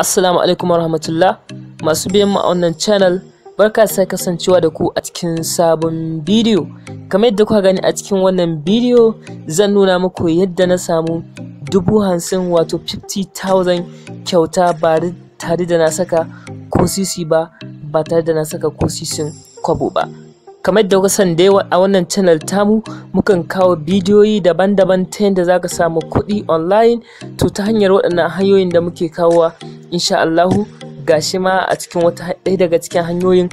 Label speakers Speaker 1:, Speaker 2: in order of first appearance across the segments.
Speaker 1: Assalamu alaikum warahmatullah masu biyan mu a wannan channel barka sai kasancewa da ku a cikin sabon bidiyo kamar yadda kuka gani a cikin wannan bidiyo zan nuna muku yadda na samu dubu hamsin wato 50,000 kyauta ba tare da na saka ko sisi ba ba tare da na saka ko sisin kwabo ba kamar da kuka san dai a wannan channel tamu mukan kawo bidiyoyi daban-daban ta yadda za ka samu kuɗi online to ta hanyar waɗannan hanyoyin da muke kawowa insha Allahu gashi ma a cikin wata ɗaya daga cikin hanyoyin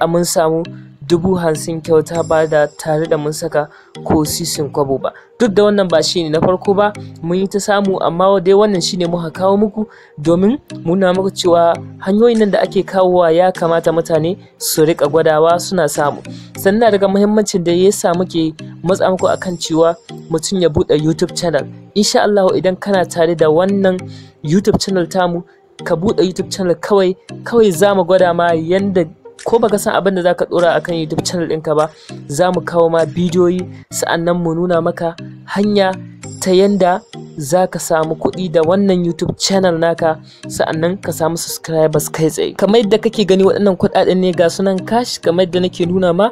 Speaker 1: a mun samu dubu hamsin kyauta ba da tare da mun saka ko sisin kwabo ba duk da wannan ba shi shine na farko ba mun yi ta samu amma dai wannan shine muka kawo muku domin muna muku cewa hanyoyin nan da ake kawowa ya kamata mutane su rika gwadawa suna samu sannan daga muhimmancin da ya sa muke matsa muku akan cewa mutum ya buɗe YouTube channel insha Allah idan kana tare da wannan YouTube channel tamu ka buɗe YouTube channel kawai kawai za mu gwada ma yanda ko baka san abin da zaka dora akan YouTube channel ɗinka ba za mu kawo ma bidiyoyi sa'annan mu nuna maka hanya ta yanda zaka samu kuɗi da wannan YouTube channel naka sa'annan ka samu subscribers kai tsaye kamar yadda kake gani waɗannan kuɗaɗen ne ga sunan cash kamar yadda nake nuna ma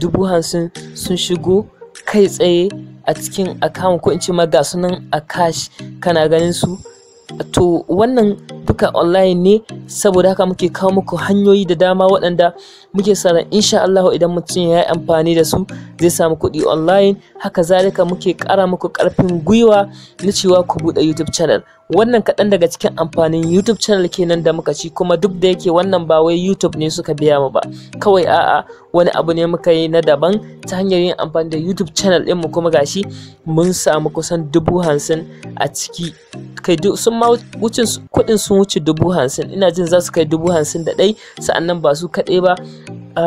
Speaker 1: dubu hamsin sun shigo kai tsaye a cikin account ko in ce ma ga sunan a cash kana ganin su to wannan shafuka online ne saboda haka muke kawo muku hanyoyi da dama waɗanda muke tsara insha Allah idan mutum ya yi amfani da su zai samu kuɗi online haka zalika muke ƙara muku ƙarfin gwiwa na cewa ku buɗe YouTube channel wannan kaɗan daga cikin amfanin youtube channel kenan da muka ci kuma duk da yake wannan ba wai youtube ne suka biya mu ba kawai a'a wani abu ne muka yi na daban ta hanyar yin amfani da youtube channel mu kuma gashi mun samu kusan dubu hamsin a ciki kai sun ma wucin kuɗin sun wuce dubu hamsin ina jin za su kai dubu hamsin da ɗai sa'annan ba su kaɗai ba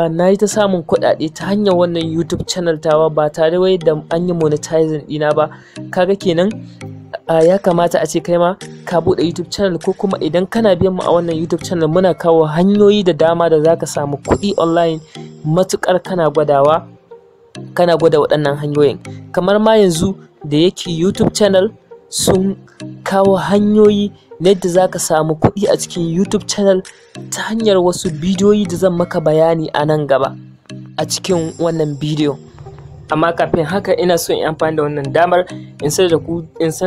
Speaker 1: na yi ta samun kuɗaɗe ta hanyar wannan youtube channel tawa ba tare wai da an yi monetizing ɗina ba kaga kenan ya kamata a ce kai ma ka buɗe YouTube channel ko kuma idan kana biyan mu a wannan YouTube channel muna kawo hanyoyi da dama da zaka samu kuɗi online matukar kana gwadawa kana gwada waɗannan hanyoyin kamar ma yanzu da yake YouTube channel sun kawo hanyoyi na yadda za ka samu kuɗi a cikin YouTube channel ta hanyar wasu bidiyoyi da zan maka bayani a nan gaba a cikin wannan bidiyo. amma kafin haka ina so in amfani da wannan damar in sanar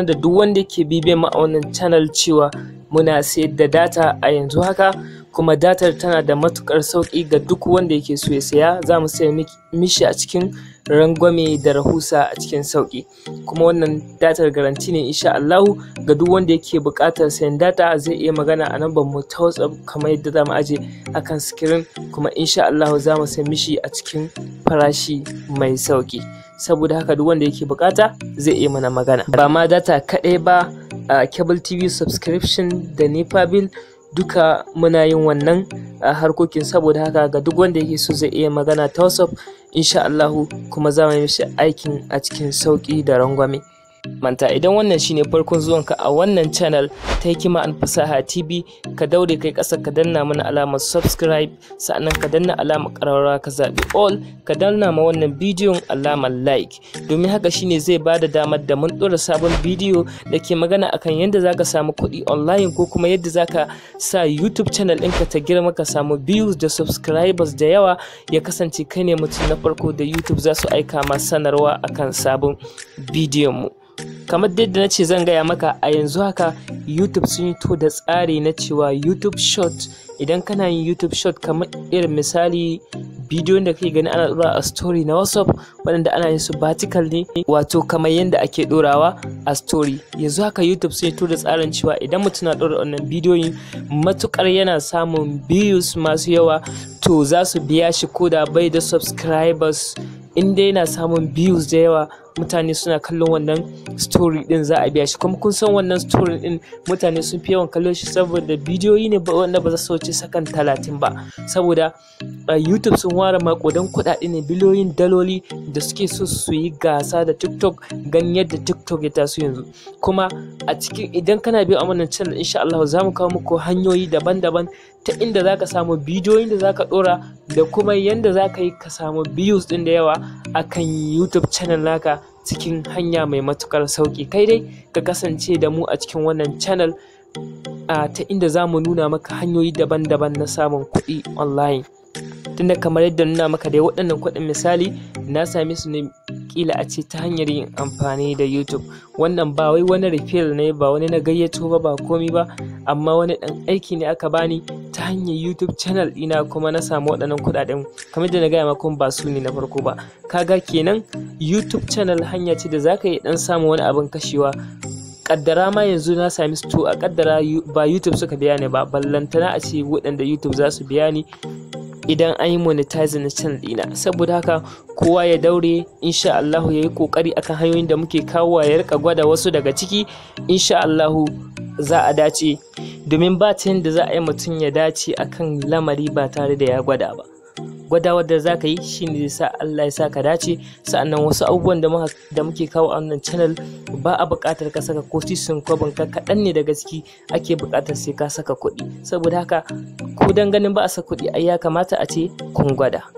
Speaker 1: da duk wanda ke bibiyan mu a wannan channel cewa muna sayar da data a yanzu haka kuma datar tana da matukar sauki ga duk wanda yake so ya saya za mu saya mishi a cikin rangwame da rahusa a cikin sauki kuma wannan datar garanti ne insha Allahu ga duk wanda yake buƙatar sayan data zai iya magana a nan mu ta WhatsApp kamar yadda za mu aje akan screen kuma insha Allahu za mu saya mishi a cikin farashi mai sauki saboda haka duk wanda yake bukata zai iya mana magana ba ma data kadai ba a cable tv subscription da nepa bill duka muna yin wannan harkokin saboda haka ga duk wanda yake so zai iya magana ta whatsapp insha Allahu kuma za mu yi mishi aikin a cikin sauƙi da rangwame. manta idan wannan shine farkon zuwan ka a wannan channel ta hikima an fasaha tv ka daure kai ƙasa ka danna mana alamar subscribe sa'annan ka danna alamar ƙararrawa ka zaɓi all ka danna ma wannan bidiyon alamar like domin haka shine zai ba da damar da mun ɗora sabon bidiyo da ke magana akan yadda zaka samu kuɗi online ko kuma yadda zaka sa youtube channel ɗinka ta girma ka samu views da subscribers da yawa ya kasance kai ne mutum na farko da youtube za su aika ma sanarwa akan sabon bidiyon mu kamar yadda na ce zan gaya maka a yanzu haka youtube sun yi to da tsari na cewa youtube short idan kana yin youtube short kamar irin misali bidiyon da kai gani ana dora a story na whatsapp waɗanda ana yin su vertical ne wato kamar yadda ake dorawa a story yanzu haka youtube sun yi to da tsarin cewa idan mutum na dora wannan bidiyoyin matukar yana samun views masu yawa to za su biya shi ko da bai da subscribers inda yana samun views da yawa mutane suna kallon wannan story din za a biya shi kuma kun san wannan story din mutane sun fi yawan kallon shi saboda bidiyoyi ne wanda ba za su wuce sakan talatin ba saboda youtube sun ware makodan kuɗaɗe ne biliyoyin daloli da suke so su yi gasa da tiktok gan yadda tiktok ya taso yanzu kuma a cikin idan kana biyo a wannan channel insha Allah za mu kawo muku hanyoyi daban-daban ta inda za ka samu bidiyoyin da za ka ɗora da kuma yadda za ka yi ka samu views ɗin da yawa akan YouTube channel naka cikin hanya mai matukar sauki kai dai ka kasance da mu a cikin wannan channel ta inda za mu nuna maka hanyoyi daban-daban na samun kuɗi online. tunda kamar yadda nuna maka dai waɗannan kuɗin misali na same su ne kila a ce ta hanyar yin amfani da youtube wannan ba wai wani refill ne ba wani na gayyato ba ba komi ba amma wani ɗan aiki ne aka bani ta hanyar youtube channel ina kuma na samu waɗannan kuɗaɗen kamar da na gaya maka ba su ne na farko ba kaga kenan youtube channel hanya ce da zaka yi dan samu wani abin kashewa kaddara ma yanzu na sami su a kaddara ba youtube suka biya ni ba ballantana a ce waɗanda youtube za su biya ni idan an yi monetizing na channel ɗina saboda haka kowa ya daure insha Allahu ya yi kokari akan hanyoyin da muke kawowa ya rika gwada wasu daga ciki insha Allahu za a dace domin ba ta yadda za a yi mutum ya dace akan lamari ba tare da ya gwada ba gwadawar da za ka yi shi ne sa Allah ya sa ka dace sa'annan wasu abubuwan da muke kawo a wannan channel ba a buƙatar ka saka ko sun kwabin ka kaɗan ne daga ciki ake buƙatar sai ka saka kuɗi saboda haka ko dan ganin ba a saka kuɗi ai ya kamata a ce kun gwada